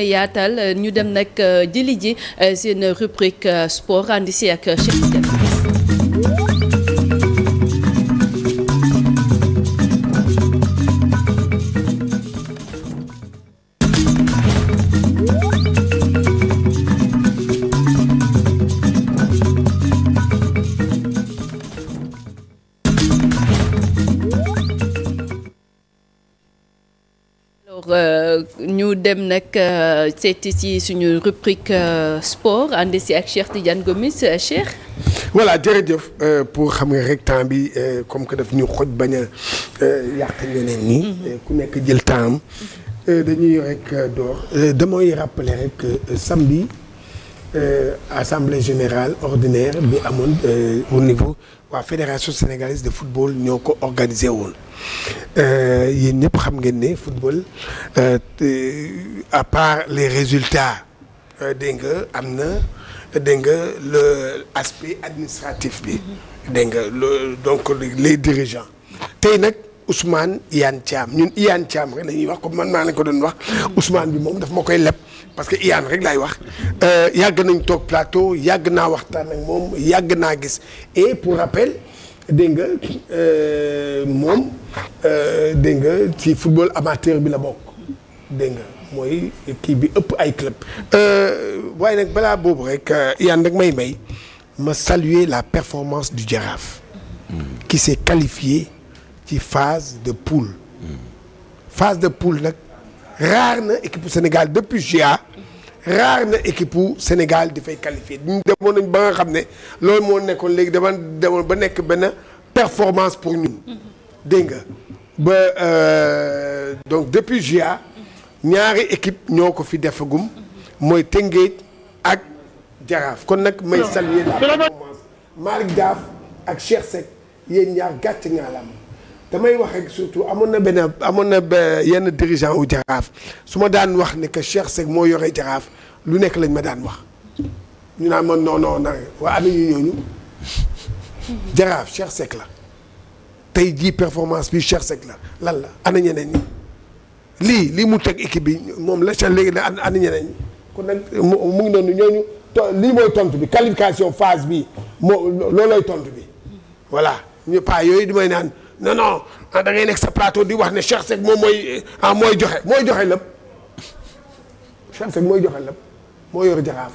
yaatal euh, ñu dem nag euh, jëli ji euh, seen rubrique sport ànd ak Cheikh dem nag euh, seeti ci suñu rubrique euh, sport ànd si ak Cheikh Tidiane Gomis euh, Cheikh. voilà jërëjëf pour xam nga rek temps bi comme que daf ñu xoj bañ a yàq ñeneen ñi. Mhm. ku nekk jël temps am. dañuy rek door damooy rappeler rek samedi. Euh, assemblée générale ordinaire bi amoon euh, au niveau waa fédération sénégalaise de football ñoo ko organisé woon euh, yéen ñëpp xam ngeen ne football à part les résultats dégg nga am na dégg nga le aspect administratif bi dégg nga donc les dirigeants tey nag. Ousmane Iyane Thiam ñun Iyane Thiam rek lañuy wax comme man maa lañ ko doon wax Ousmane bi moom daf ma koy leb parce que Iyane rek laay wax euh, yàgg nañ toog plateau yàgg naa waxtaan ak moom yàgg naa gis et pour rappel dégg nga euh, moom euh, dégg nga ci football amateur bi la bokk dégg nga mooy kii bi ëpp ay club waaye nag balaa boobu rek Iyane rek may may ma saluer la performance du Jaraaf hmm. qui s'est qualifié ci phase de poule. phase de poule nag raar na équipe Sénégal depuis JA. raar na équipe Sénégal di fay qualifié demoon nañ ba nga xam ne loolu moo nekkoon léegi dama demoon ba nekk benn performance pour ñun. dégg nga ba euh, donc depuis JA. ñaari équipe ñoo ko fi defagum. mooy Tëngéej ak Jaraaf kon nag may saluer la performance Malick Daaf ak Cheikh Seck yéen ñaar gàcce ngaa damay wax rek surtout amoon na benn amoon na yenn dirigeant wu jaraaf su ma daan wax ne que Cheikh Seck moo yore jaraaf lu nekk lañ ma daan wax ñu naan ma non non na waa ana ñu ñooñu jaraaf Cheikh Seck la tey jii performance bi Cheikh Seck la lan la ana ñeneen lii lii mu teg équipe bi moom la ca léegi la ana ñeneen ñi kon mu ngi noonu ñooñu lii mooy tontu bi qualification phase bi moo loolooy tontu bi voilà ñu yooyu di may naan. non non ah, da ngay nekk sa plateau di wax ne Cheikh moom mooy ah mooy joxe mooy joxe lépp Cheikh mooy joxe lépp moo yor jaraaf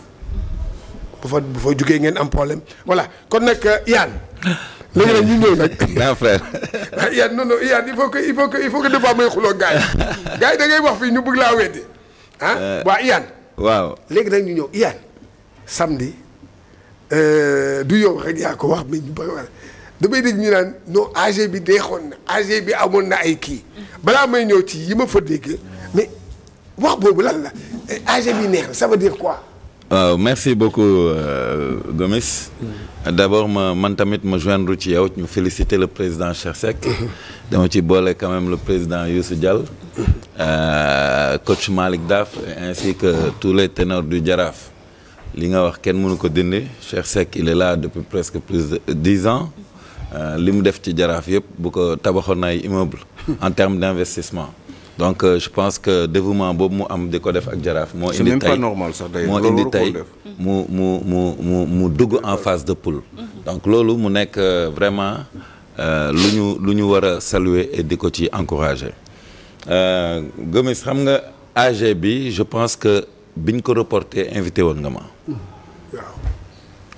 bu fa bu fa jugee ngeen am problème voilà kon nag euh, Yann. léegi nag ñu ñëw nag. grand frère. Ah, Yann non non Yann il faut que il wax fii ñu bëgg laa weddi ah euh, léegi nag ñu ñëw Yann euh, du yow rek yaa ko wax mais ñu bëri damay dégg ñu naan non AG bi deexoon na AG bi amoon na ay kii balaa may ñëw ci yi ma fa dégg mais wax boobu lan la AG bi neex na ça veut dire quoi. waaw euh, merci euh, man tamit ma joindre ci yow ñu féliciter le président Cheikh Seck dama ci boole quand même le président Youssou Diall euh, coach Daf ainsi que tous les ténors du Jaraaf li nga wax kenn mënu ko dindi Cheikh Seck il est là depuis presque plus de dix ans Euh, li mu def ci jaraaf yëpp bu ko tabaxoon ay immeuble en termes d'investissement donc euh, je pense que dévouement boobu mu am di ko def ak jaraaf moo indi tey moo indi tey mu mu mu mu mu dugg en phase de poule mhm. donc loolu mu nekk euh, vraiment lu ñu lu ñu war a saluer et di ko ci encourager Gomis xam nga age bi je pense que biñ ko reporté invité woon nga ma mhm.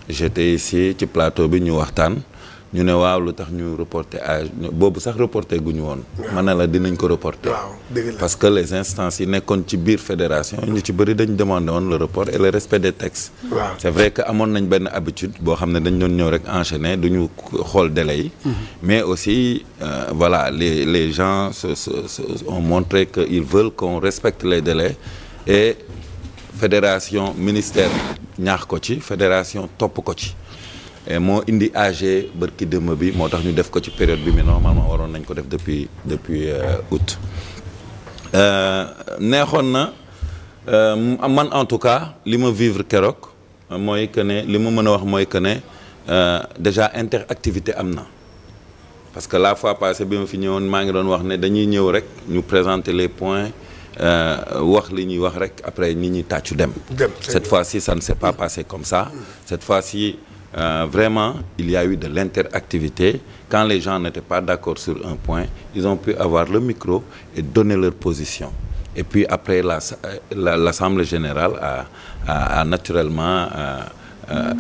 j'étais ici ci plateau bi ñu waxtaan ñu ne waaw lu tax ñu reporter âge boobu sax reporter gu ñu woon. man na la dinañ ko reporter. parce que les instances yi nekkoon ci biir fédération. ñu ci bëri dañ demandé woon le report et le respect des textes. waaw c'est vrai que amoon nañ benn habitude boo xam ne dañ doon ñëw rek enchaîner du ñu xool délai yi. Mhm. mais aussi euh, voilà les les gens se se que ils veulent qu'on respecte les délais et fédération ministère ñaax ko ci fédération topp ko ci. moo indi AG bërki démb bi moo tax ñu def ko ci période bi mais normalement waroon nañ ko def depuis depuis euh, août euh, neexoon na euh, man en tout cas li ma vivre keroog mooy que ne li ma mën a wax mooy que ne déjà interactivité am na parce que la fois passée bi ma fi ñëwoon maa ngi doon wax ne dañuy ñëw rek ñu présenter les points wax li ñuy wax rek après nit ñi tàccu dem cette fois-ci ça ne s'est pas passé comme ça cette fois-ci Euh, vraiment, il y a eu de l'interactivité. Quand les gens n'étaient pas d'accord sur un point, ils ont pu avoir le micro et donner leur position. Et puis après, euh, l'Assemblée la, la, générale a, a, a naturellement a, euh, euh,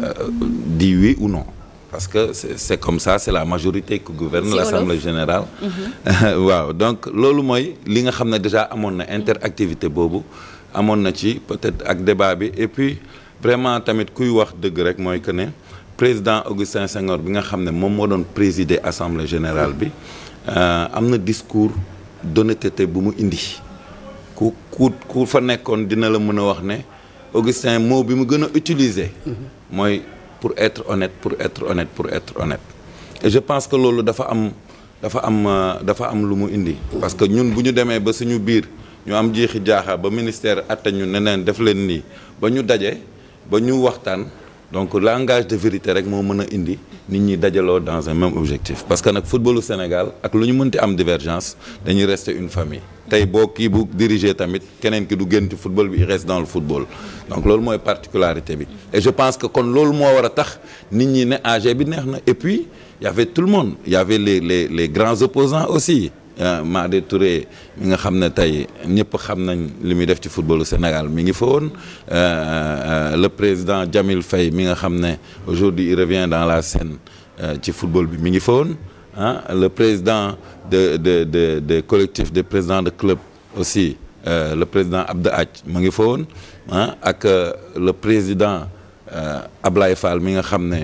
dit oui ou non. Parce que c'est comme ça, c'est la majorité qui gouverne l'Assemblée générale. Mm -hmm. Donc, loolu moy li nga xam xamné déjà amone interactivité bobu amone na ci peut-être ak débat bi et puis vraiment tamit kuy wax deug rek moy que président Augustin Senghor bi nga xam ne moom moo doon présider assemblée générale bi euh, am na discours d'honnêteté bu mu indi ku ku ku fa nekkoon dina la mën a wax ne Augustin mot bi mu gën a utiliser. mooy pour être honnête pour être honnête pour être honnête. et je pense que loolu dafa am dafa am euh, dafa am lu mu indi. parce que ñun bu ñu demee ba suñu biir ñu am jeexi jaaxa ba ministère atta ñu neneen def leen nii ba ñu dajee ba ñu waxtaan. donc langage de vérité rek moo mën a indi nit ñi dajaloo dans un même objectif parce que nag footballu Sénégal ak lu ñu mënti am divergence dañuy rester une famille tey boo kii bu diriger tamit keneen ki du génn ci football bi il reste dans le football donc loolu mooy particularité bi e je pense que kon loolu moo war a tax nit ñi ne AG bi neex na et puis y avait tout le monde y avait les les les grands opposants aussi Euh, Madi Touré mi nga xam ne tey ñëpp xam nañ li muy def ci footballu Sénégal mi ngi fa woon euh, euh, le président Djamil Faye mi nga xam ne aujourd'hui il revient dans la scène ci football bi mi ngi fa ah le président de de de de collectif des présidents de club aussi le président Abdou Hadj mu ngi fa ah ak le président Ablaye Fall mi nga xam ne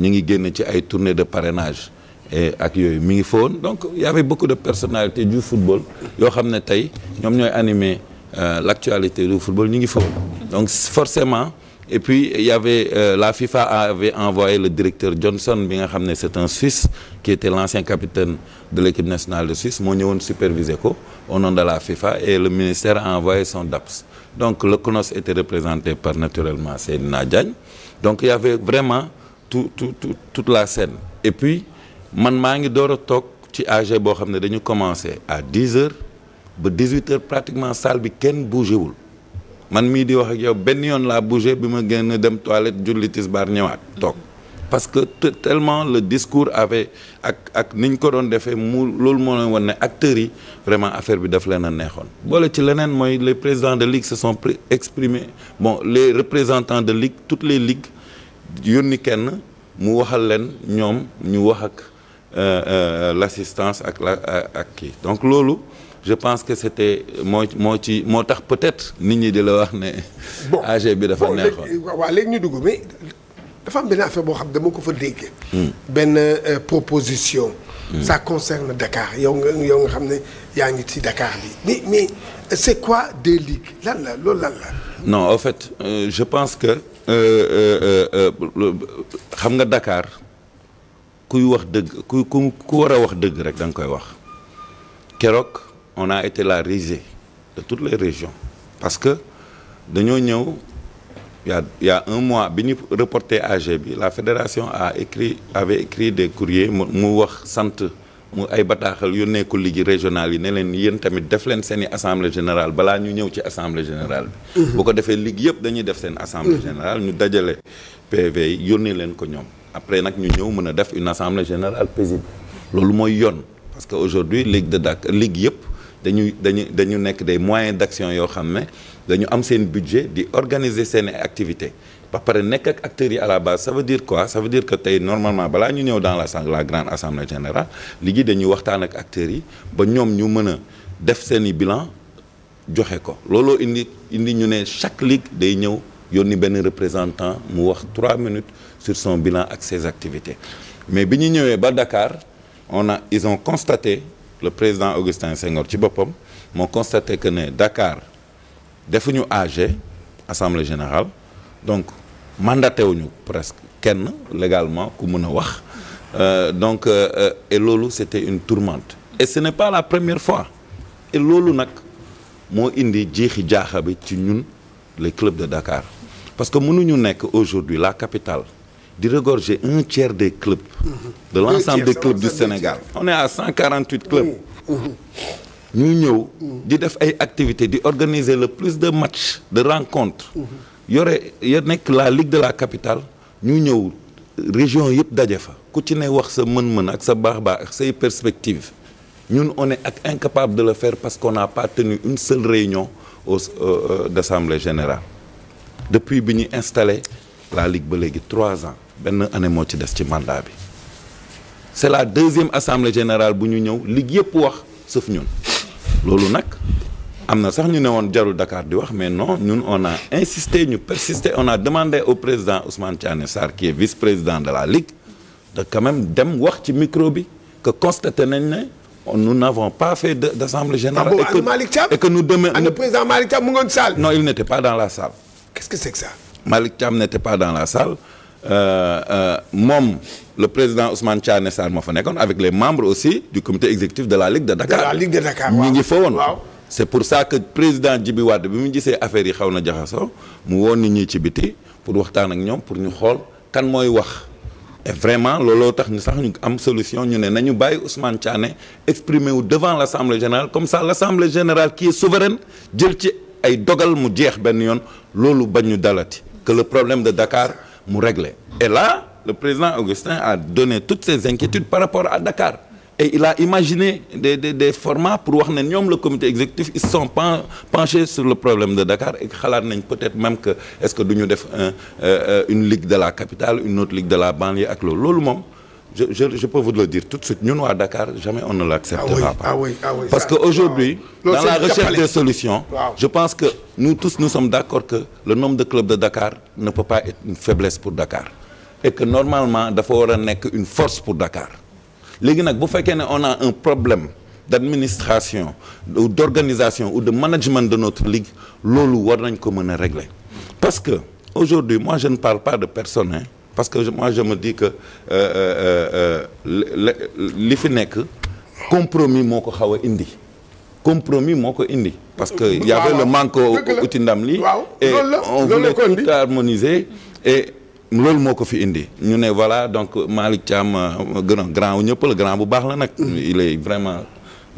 ñu ngi génn ci ay tournées de parrainage et ak yooyu mi ngi foon donc y avait beaucoup de personnalités du football yoo xam ne tey ñoom ñooy animer euh, l'actualité du football ñu ngi foon donc forcément et puis il y avait euh, la FIFA avait envoyé le directeur Johnson bi nga xam ne c'est un Suisse qui était l'ancien capitaine de l'équipe nationale de Suisse moo ñëwoon superviser ko au nom de la FIFA et le ministère a envoyé son DAPS donc le CNOS était représenté par naturellement Seydina Diagne donc il y avait vraiment tout tout toute la scène et puis man maa ngi door a toog ci age boo xam ne dañu commencé à 10 heures ba 18 pratiquement salle bi kenn bougé wul man mii di wax ak yow benn yoon laa bougé bi ma génn dem toilette julli tisbaar ñëwaat toog parce que tellement le discours avait ak ak ni ñu ko doon defee mu loolu moo leen wan ne acteurs yi vraiment affaire bi daf leen a neexoon. boole ci leneen mooy le président de ligue se sont exprimés bon les représentant de ligue toutes les ligues yoon kenn mu waxal leen ñoom ñu wax ak. Euh, euh, l'assistance ak la euh, ak kii donc loolu je pense que c'était moo moo ci moo tax peut-être nit ñi di la wax ne. bon AG bi dafa neexoon waaw léegi ñu dugg mais dafa am benn affaire boo xam dama ko fa dégg. Hmm. benn proposition. Hmm. ça concerne Dakar yow nga yow nga xam ne yaa ngi ci Dakar bi mais mais c'est quoi des ligues lan la loolu lan la. non en fait euh, je pense que xam nga dakaar kuy wax dëgg ku ku ku war a wax dëgg rek da koy wax keroog on a été la risée de toutes les régions parce que dañoo ñëw y a un mois bi ñu reporté AG bi la fédération a écrit avait écrit des courriers mu wax sant mu ay bataaxal yónnee ko ligue régionale yi ne leen yéen tamit def leen seen i assemblée générale balaa ñu ñëw ci assemblée général bi. Mm-hmm. bu ko defee ligue yëpp dañuy def seen assemblée mm-hmm. générale ñu dajale PV yi yónnee leen ko ñoom. après nag ñu ñëw mën a def une assemblée générale paisible loolu mooy yoon parce que aujourd'hui ligue de Dakar ligue yëpp dañuy dañu dañu nekk des moyens d'action yoo xam ne dañu am seen budget di organiser seen activité ba pare nekk ak acteur yi à la base ça veut dire quoi ça veut dire que tey normalement balaa ñu ñëw dans la la grande assemblée générale liggéey dañuy waxtaan ak acteurs yi ba ñoom ñu mën a def seen i bilan joxe ko looloo indi indi ñu ne chaque ligue day ñëw yónni benn représentant mu wax trois minutes sur son bilan ak ses activités mais bi ñu ñëwee ba Dakar on a ils ont constaté le président Augustin Senghor ci boppam moo constaté que ne Dakar defuñu AG assemblée générale donc mandaté wuñu presque kenn légalement ku mun a wax euh, donc euh, euh, et loolu c'était une tourmente et ce n'est pas la première fois et loolu nag moo indi jeexi jaaxa bi ci ñun les clubs de Dakar parce que mënuñu nekk aujourd'hui la capitale di regorger un tiers des clubs. Mm-hmm. de l'ensemble de clubs du Sénégal. on est à 148 clubs. Mm-hmm. Mm-hmm. ñu ñëw. di def ay activités di organiser le plus de matchs de rencontres. yore ya nekk la Ligue de la capitale ñu ñëw région yëpp daje fa ku ci ne wax sa mën-mën ak sa baax baax ak say perspectives ñun on est ak incapable de le fair parce qu'on n'a pas tenu une seule réunion au euh, euh, d'assemblée générale depuis bi ñu installé la ligue ba léegi trois ans. benn année moo ci des ci mandat bi c'est la deuxième assemblée générale bu ñu ñëw ligue yëpp wax sauf ñun loolu nag am na sax ñu ne woon jaru Dakar di wax mais non ñun on a insisté ñu persisté on a demandé au président Ousmane Thiagne Sarr qui est vice-président de la ligue de quand dem wax ci micro bi que constaté nañ ne nous n'avons pas fait d'assemblée générale. Ah et que et que ah, nous président Malick Thiam mu ngoon salle. non il n'était pas dans la salle. qu'est-ce que c'est que ça. Malick la salle. Euh, euh, moom le président Ousmane Thiané Sarr moo fa nekkoon avec les membres aussi du comité exécutif de la Ligue de Dakar. la Ligue de Dakar waaw ñi ngi fa woon. waaw c' président Djibi Wade mu gisee affaire yi xaw na jaxasoo mu woon nit ñi ci biti pour waxtaan ak ñoom pour ñu xool kan mooy wax. vraiment looloo tax ñu sax ñu am solution ñu ne nañu bàyyi Ousmane Thiané exprimer wu devant l' assemblée comme ça l' assemblée générale qui est jël ci ay dogal mu jeex benn yoon loolu bañ ñu dalati que le problème de Dakar. mu régler et là le président Augustin a donné toutes ses inquiétudes par rapport à Dakar et il a imaginé des des des formats pour wax ne ñoom le comité exécutif ils sont pen, penchés sur le problème de Dakar et xalaat nañ peut-être même que est-ce que duñu def un euh, une ligue de la capitale une autre ligue de la banlieue ak loolu loolu moom je je je peux vous le dire tout de suite ñun waa Dakar jamais on ne l'acceptera ah oui, pas ah oui, ah oui, parce ça, que aujourd'hui dans la recherche des solutions je pense que nous tous nous sommes d'accord que le nombre de clubs de Dakar ne peut pas être une faiblesse pour Dakar et que normalement dafa war a nekk une force pour Dakar léegi nag bu fekkee ne on a un problème d'administration ou d'organisation ou de management de notre ligue loolu war nañ ko mën a régler parce que aujourd'hui moi je ne parle pas de personne parce que moi je me dis que euh, euh, euh, li fi nekk compromis moo ko xaw a indi compromis moo ko indi. parce que y avait le manque uti ndam li et on voulait tout harmoniser et loolu moo ko fi indi ñu ne voilà donc Malick Thiam euh, grand grand wu ñëpp la grand bu baax la nag. il est vraiment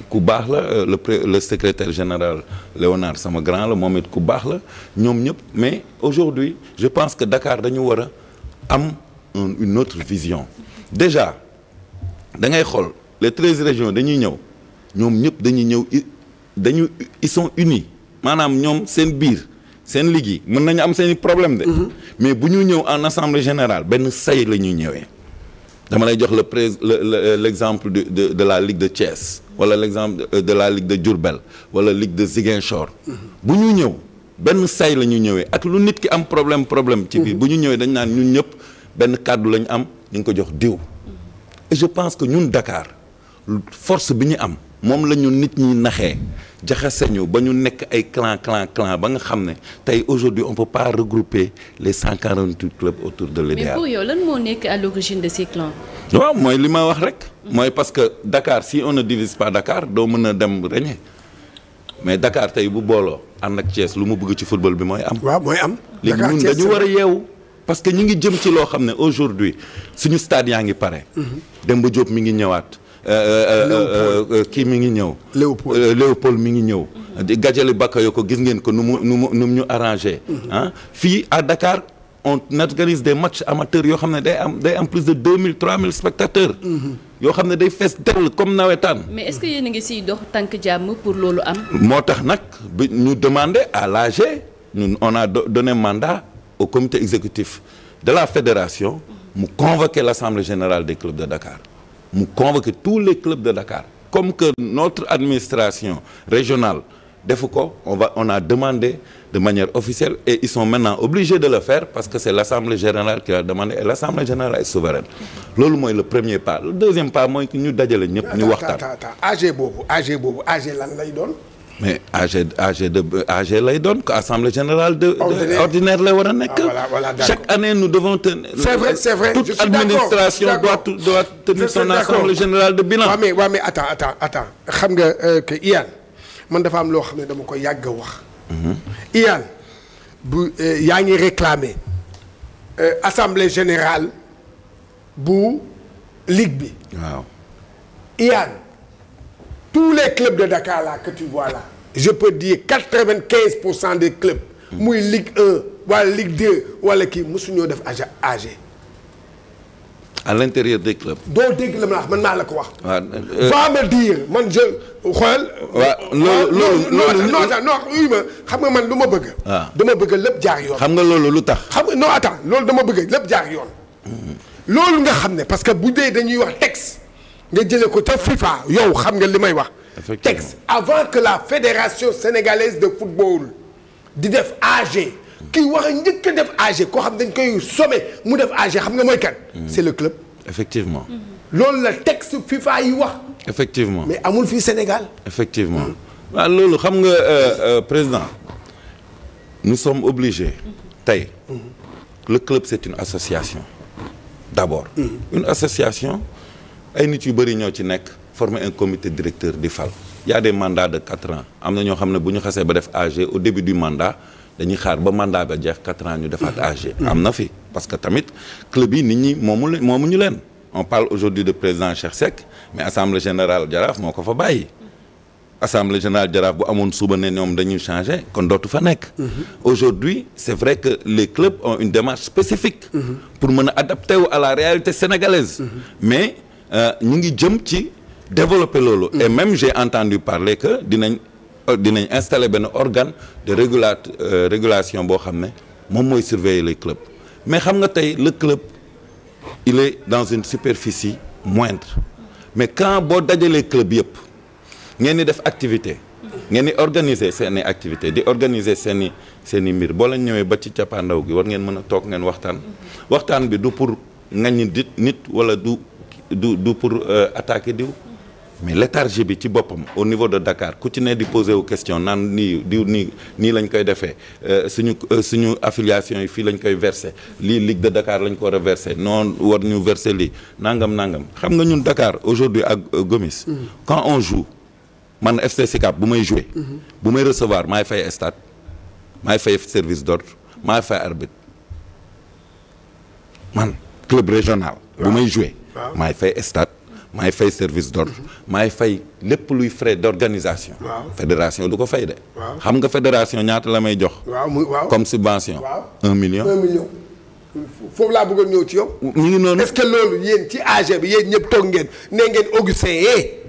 ku baax la euh, le le secrétaire général Léonard sama grand la moom it ku baax la ñoom ñëpp mais aujourd'hui je pense que dakaar dañu war a am une autre vision déjà da ngay xool les treize régions dañuy ñëw ñoom ñëpp dañuy ñëw. dañu ils sont unis maanaam ñoom seen biir seen liggéey mën nañu am seeni problème de. Mhm. mais bu ñu ñëw en assemblée générale benn say la ñuy ñëwee. dama lay jox le pré l' exemple de de de la ligue de Thiès wala l' exemple de la ligue de Diourbel wala ligue de Ziguinchor. Mhm. bu ñu ñëw benn say la ñu ñëwee ak lu nit ki am problème problème. ci biir mhm. bu ñu ñëwee dañ naan ñun ñëpp benn kàddu la ñu am ñu ngi ko jox diw. et je pense que ñun Dakar force bi ñu am. moom la ñu nit ñi naxee jaxase ñu ba ñu nekk ay clan clan clan ba nga xam ne tey aujourd'hui on peut pas regrouper les 148 clubs autour de l'idéal e mais pour yow lan moo nekk à l'origine de ces clans. waaw mooy li ma wax rek. mooy parce que Dakar si on ne divise pas Dakar doo mën a dem rëñe mais dakaar tey bu booloo ànd ak Thiès lu mu bëgg ci football bi mooy am. waaw mooy am. léegi ñun dañu war a yeewu. parce que ñu ngi jëm ci loo xam ne aujourd'hui suñu stade yaa ngi pare. Mhm. Demba Diop mi ngi ñëwaat. Euh, euh, euh, kii mi ngi ñëw. Léopold Léopold mi ngi ñëw. di yoo ko gis ngeen ko nu mu nu mu nu mu ñu arrangé. Mhm. ah fii à Dakar on organise des matchs amateurs yoo xam ne day am day am plus de deux mille trois mille spectateurs. Mhm. yoo xam ne day fees dell comme nawetaan. mais est-ce que a ngi siy dox tànk jàmm pour loolu am. moo tax nag bi ñu demandé à l'AG ñun on a donné mandat au comité exécutif de la fédération. mu convoquer l'assemblée générale des clubs de Dakar. mu convoquer tous les clubs de Dakar comme que notre administration régionale defu ko on va on a demandé de manière officielle et ils sont maintenant obligés de le faire parce que c'est l'assemblée générale qui l'a demandé et l'assemblée générale est souveraine loolu mooy le premier pas le deuxième pas mooy ñu dajale ñëpp ñu waxtaan AG boobu AG boobu AG lan lay doon mais AG AG de AG lay doon que assemblée générale de. ordinaire lay war a nekk. Ah, chaque année nous devons tenir. c'est vrai c'est vrai toute administration doit doit tenir son assemblée générale de bilan. waaw mais waaw mais attends xam nga euh, que Iyane man dafa am loo xam ne dama koy yàgga a wax. Mhm. Iyane bu euh, yaa ngi réclamer euh, assemblée générale bu ligue bi. waaw Iyane. tous les clubs de Dakar là que tu vois là je peux dire quatre-vingt-quinze pour cent des clubs. muy Ligue 1 wala Ligue 2 wala kii mosuñoo def AG AG. à l'intérieur des clubs. doo dégg la ma wax man maa la ko wax. waaw ah, euh, va me dire man je xool. waaw loolu ah, loolu non non ma xam nga man lu ma bëgg. waaw ah. dama bëgg lépp jaar yoon. xam nga loolu lu tax. xam nga non attends loolu dama bëgg lépp jaar yoon. Hmm. loolu nga xam ne parce que bu dee dañuy wax texte. nga jëlee ko te FIFA yow xam nga li may wax. texte avant que la fédération sénégalaise de football di def AG. kii war a njëkk a def koo xam dañ koy somme mu def AG xam nga mooy kan. Hmm. c'est le club. effectivement. Hmm. loolu la texte FIFA yi wax. effectivement mais amul fii Sénégal. effectivement hmm. waaw loolu xam nga euh, euh, président nous sommes obligés. tey le club c'est une association d'abord. une association. ay nit yu bëri ñoo ci nekk former un comité directeur di fal y a des mandats de quatre ans am na ñoo xam ne bu ñu xasee ba def AG au début du mandat dañuy xaar ba mandat ba jeex quatre ans ñu defaat AG. Mm-hmm. am na fi parce que tamit club yi nit ñi moomu moomu ñu leen on parle aujourd'hui de président Cheikh Seck mais assemblée générale Jaraaf moo ko fa bàyyi. assemblée générale Jaraaf bu amoon suba ne ñoom dañuy changer kon dootu fa nekk. Mm-hmm. aujourd'hui c'est vrai que les clubs ont une démarche spécifique. Mm-hmm. pour mën a adapté wu à la réalité sénégalaise. mais Euh, ñu ngi jëm ci développer loolu et mm. même j'ai entendu parler que dinañ euh, dinañ installer benn organ de régula euh, régulation boo xam ne moom mooy surveiller les clubs mais xam nga tey le club il dans une superficie moindre mais quand boo dajalee club yëpp ngeen di def activité ngeen di organiser seen i activité di organiser seen i seen i mbir boo leen ñëwee ba ci cappaandaw gi war ngeen mën a toog ngeen waxtaan mm-hmm. waxtaan bi du pour ngañ nit nit du du du pour euh, attaquer diw mais léthargie bi ci boppam au niveau de Dakar ku ci ne di poser wu question naan nii diw nii nii lañ koy defee euh, suñu euh, suñu affiliation yi fii lañ koy versé lii Ligue de Dakar lañ ko war a versé noonu war ñu versé lii nangam nangam xam nga ñun Dakar aujourd'hui ak Gomis mhm. quand on joue man FC Sicap bu may jouer mhm. bu may recevoir maay fay stade maay fay service d'ordre maay fay arbitre man club régional bu may jouer maay fay stade maay fay service d'ordre maay mhm. fay lépp luy frais d'organisation fédération du ko fay de xam nga fédération ñaata la may jox comme subvention un million un million foofu laa bëggoon ñëw ci yow ñu ngi noonu est-ce que loolu yéen ci AG bi yéen ñëpp toog ngeen ne ngeen Augustin eh,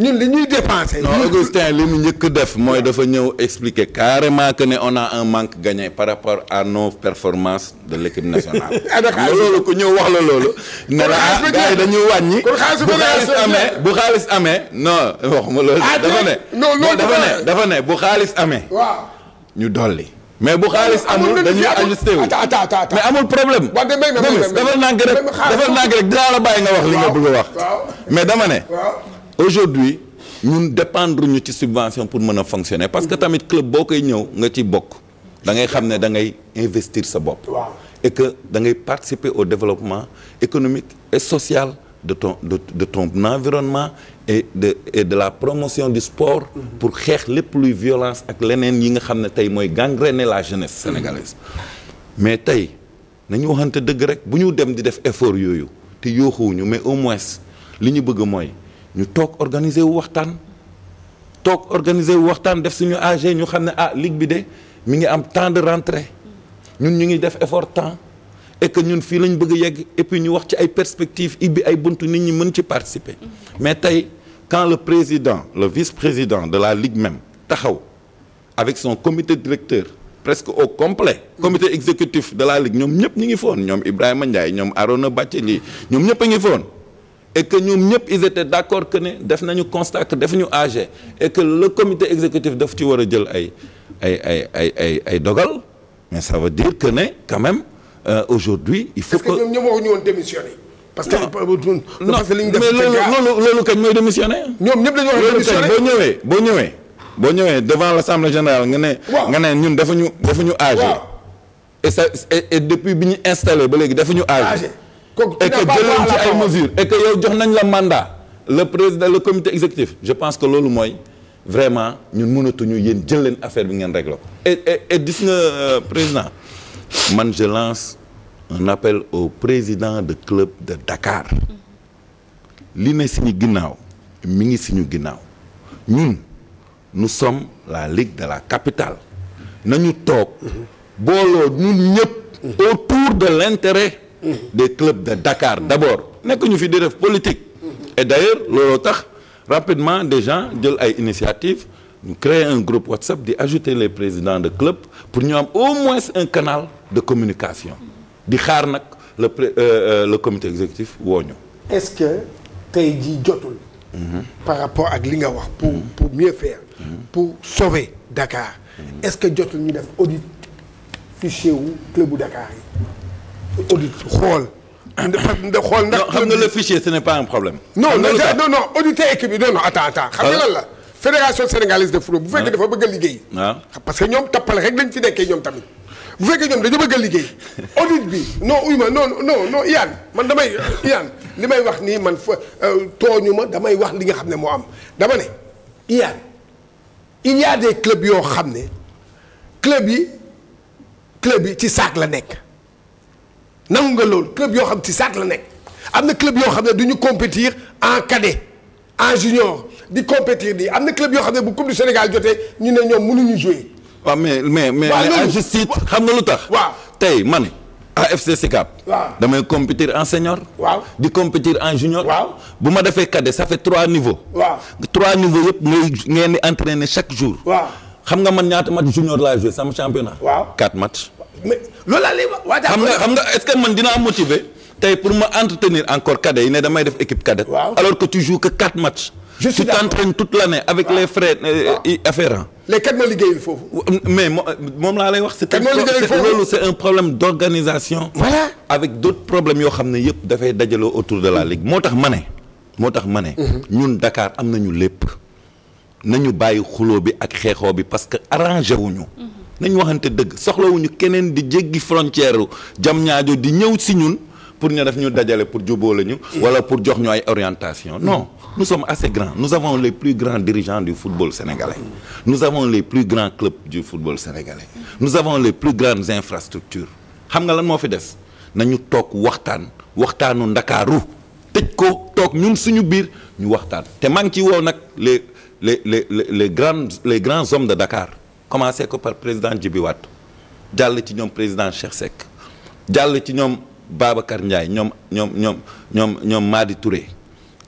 ñun li ñuy dépensé. non Augustin li mu njëkk def mooy dafa ñëw expliquer carrément que ne on a un manque gagné par rapport a no performances de l' équipe nationale. Ah, loolu ku ñëw wax la loolu. ne ah, dañuy wàññi. kon bu xaalis amee bu xaalis amee non waxuma loolu. Ah, dafa ne loolu dafa ne bu xaalis amee. waaw ñu dolli. mais bu xaalis amul dañuy ajusté wu mais amul problème dama defal nànk rek defal nànk rek dinaa la bàyyi nga wax li nga bëgg wax mais dama ne aujourd'hui ñun dépendre ñu ci subvention pour mën a fonctionner parce que tamit club boo koy ñëw nga ci bokk da ngay xam ne da ngay investir sa bopp et que da ngay participer au développement économique et sociale de ton de, de ton environnement et de et la promotion du sport mm-hmm. pour xeex lépp luy violence ak leneen yi nga xam ne tey mooy gangréner la jeunesse mm-hmm. sénégalaise mais tey nañu waxante dëgg rek bu ñu dem di def effort yooyu te yooxuwuñu mais au moins li ñu bëgg mooy ñu toog organiser wu waxtaan toog organiser wu waxtaan def suñu AG ñu xam ne ah ligue bi de mi ngi am temps de rentrée ñun ñu ngi def effort temps et que ñun fii lañu bëgg a yegg et puis ñu wax ci ay perspectives ibbi ay bunt nit ñi mën ci participer. Mm-hmm. mais tey quand le président le vice-président de la ligue même taxaw avec son comité directeur. presque au complet mm-hmm. comité exécutif de la ligue ñoom ñëpp ñu ngi foon ñoom Ibrahima Ndiaye ñoom Arona Bathily ñoom ñëpp ngi foon et que ñoom ñëpp ils étaient d'accord que ne def nañu constat que def ñu AG et que le comité exécutif daf ci war a jël ay ay ay ay ay ay dogal mais ça veut dire que ne quand même euh, aujourd'hui il faut que ñoom ñoom waxuñu parce que non parce li ñu def mais loolu loolu loolu kañ mooy démissionner ñoom ñëpp dañu wax démissionner boo ñëwee boo ñëwee boo ñëwee devant l'assemblée générale nga ne nga ne ñun defuñu defuñu AG et ça e depuis bi ñu installé ba léegi defuñu AG kooku et que ci ay mesures et que jox nañ la mandat le président le commité exécutif je pense que loolu mooy vraiment ñun mënatuñu yéen jël leen affaire bi ngeen réglé ko. e et gis nga euh, président man je lance un appel au président de club de Dakar li ne suñu ginnaaw mi ngi suñu ginnaaw ñun nous sommes la ligue de la capitale nañu toog booloo ñun ñëpp mmh. autour de l'intérêt des clubs de Dakar d'abord nekk ñu fi di def politique et d'ailleurs looloo tax rapidement des gens jël ay initiative ñu créer un groupe WhatsApp di ajouter les président de club pour ñu am au moins un canal de communication di xaar nag le pré euh, euh, le comité exécutif woo ñu. est-ce que tey jii jotul. par rapport ak li nga wax. pour pour mieux faire. pour sauver Dakar. est-ce que jotul ñu def audit fichier wu club bu Dakar yi. audit xool. da xool ndax. xam nga le fichier ce n'est pas un problème. non non non auditer équipe bi non non attends attends xam nga lan la. fédération sénégalaise de football bu fekkee dafa bëgg a liggéey. waaw parce que ñoom tappale rek lañ fi nekkee ñoom tamit. bu fekkee ñoom dañu bëgg a liggéey audit bi non uy ma no non non man damay Iyane li may wax nii man fa euh, tooñu ma damay wax li nga xam ne moo am dama ne Iyane il y a des yoo xam ne club yi club yi ci saak la nekk. nangu nga loolu club yoo xam ci saat la nekk am na club yoo xam ne du ñu compétir en cadet en junior di compétir di am na club yoo xam ne bu coupe du Sénégal jotee ñu ne ñoom mënuñu jouer. waaw mais mais mais à juste titre xam nga lu tax. waaw tey man. AFC Sicap. waaw damay compétir en senior. waaw di compétir en junior. waaw bu ma defee cadet ça fait trois niveaux. waaw trois niveaux yëpp ngay ngeen di entraîner chaque jour. waaw xam nga man ñaata match junior laa joué sama championnat. waaw quatre matchs. mais loolu laa lay wax. xam nga xam nga est-ce man dinaa motiver tey pour ma entretenir encore cadets yi ne damay def équipe cadette. waaw alors que tu joues que quatre matchs. je suis d'accord tu t'entraînes toute l'année avec les frais euh, afférents. les kat moo liggéeyul foofu. mais moom laa lay wax. c'est loolu c'est un problème d'organisation. avec d'autres problème yoo xam ne yëpp dafay dajaloo autour de la ligue moo tax ma ne. moo tax ma ne. Mhm. ñun Dakar am nañu lépp bàyyi xuloo bi ak xeexoo bi parce que arrangé wuñu mhm. nañu waxante dëgg soxlawuñu keneen di jéggi frontière jam ñaajo di ñëw si ñun pour ñu def ñu dajale pour juboo lañu wala pour jox ñu ay orientation no nu sommes assez grands nous avons les plus grands dirigeants du football sénégalais nous avons les plus grands clubs du football sénégalais nous avons les plus grandes infrastructures xam nga lan moo fi des nañu toog waxtaan waxtaanu ndakaaru tëj ko toog ñun suñu biir ñu waxtaan te maa ngi ci woo nag les les le les grands les grands hommes de Dakar commencé ko par président Djibi Wade jàll ci ñoom président Cheikh Seck jàll ci ñoom Babacar Ndiaye ñoom ñoom ñoom ñoom ñoom Madi Touré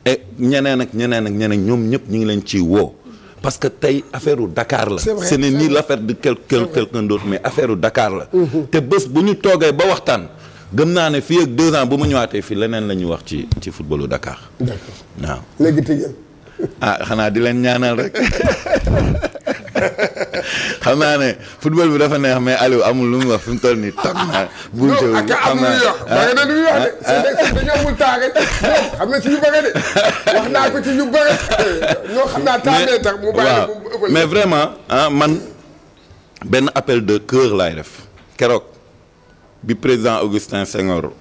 et ñeneen ak ñeneen ak ñeneen ñoom ñëpp ñu ngi leen ciy woo parce que tey affaire u Dakar la ce n'est ni l'affaire de quelqu'un quelqu'un mais affaire u Dakar la mm-hmm. te bés bu ñu toogee ba waxtaan gëm naa ne fii ak deux ans bu ma ñëwaatee fii leneen la ñuy wax ci ci footballu Dakar waaw léegi tëjal ah xanaa di leen ñaanal rek xam naa ne football bi dafa neex mais Aliou amul lu mu wax fi mu toll nii toog naa. bu ah, ah, ñu ko ci ñu bëri. vraiment ah man benn appel de cœur laay def keroog bi président Augustin Senghor.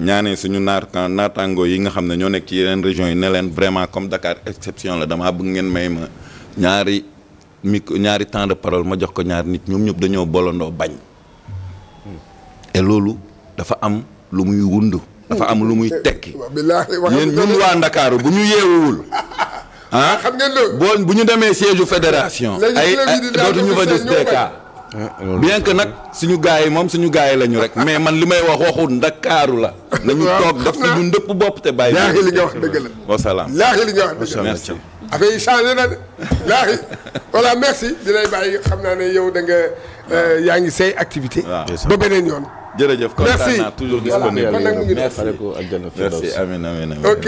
ñaanee suñu naata naataangoo yi nga xam ne ñoo nekk yeneen régions yi ne leen comme Dakar exception la damaa bëgg ngeen may ma ñaari micro ñaari temps de parole ma jox ko ñaari nit ñoom ñëpp dañoo bolandoo bañ et loolu dafa am lu muy wund dafa am lu muy tekki yéen ñun waa Ndakaaru bu ñu yeewuwul ah, ah xam boo bu ñu demee siège fédération ay dootuñu fa des DK ah, bien que nag suñu gars yi moom suñu gars yi lañu rek mais man li may wax waxu ndakaaru la nañu toog daf ñu ndëpp bopp te bàyyi laaxi li la wasalaam laaxi li nga affaire yi changé na di lay bàyyi xam naa yow da nga euh, yaa ngi say activité ba beneen yoon jërëjëf kontaan naa toujours disponible merci amiin amiin amiin ok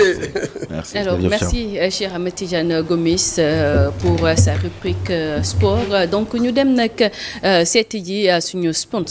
merci alors euh, euh, pour sa rubrique sport donc ñu dem nag seeti ji suñu sponsor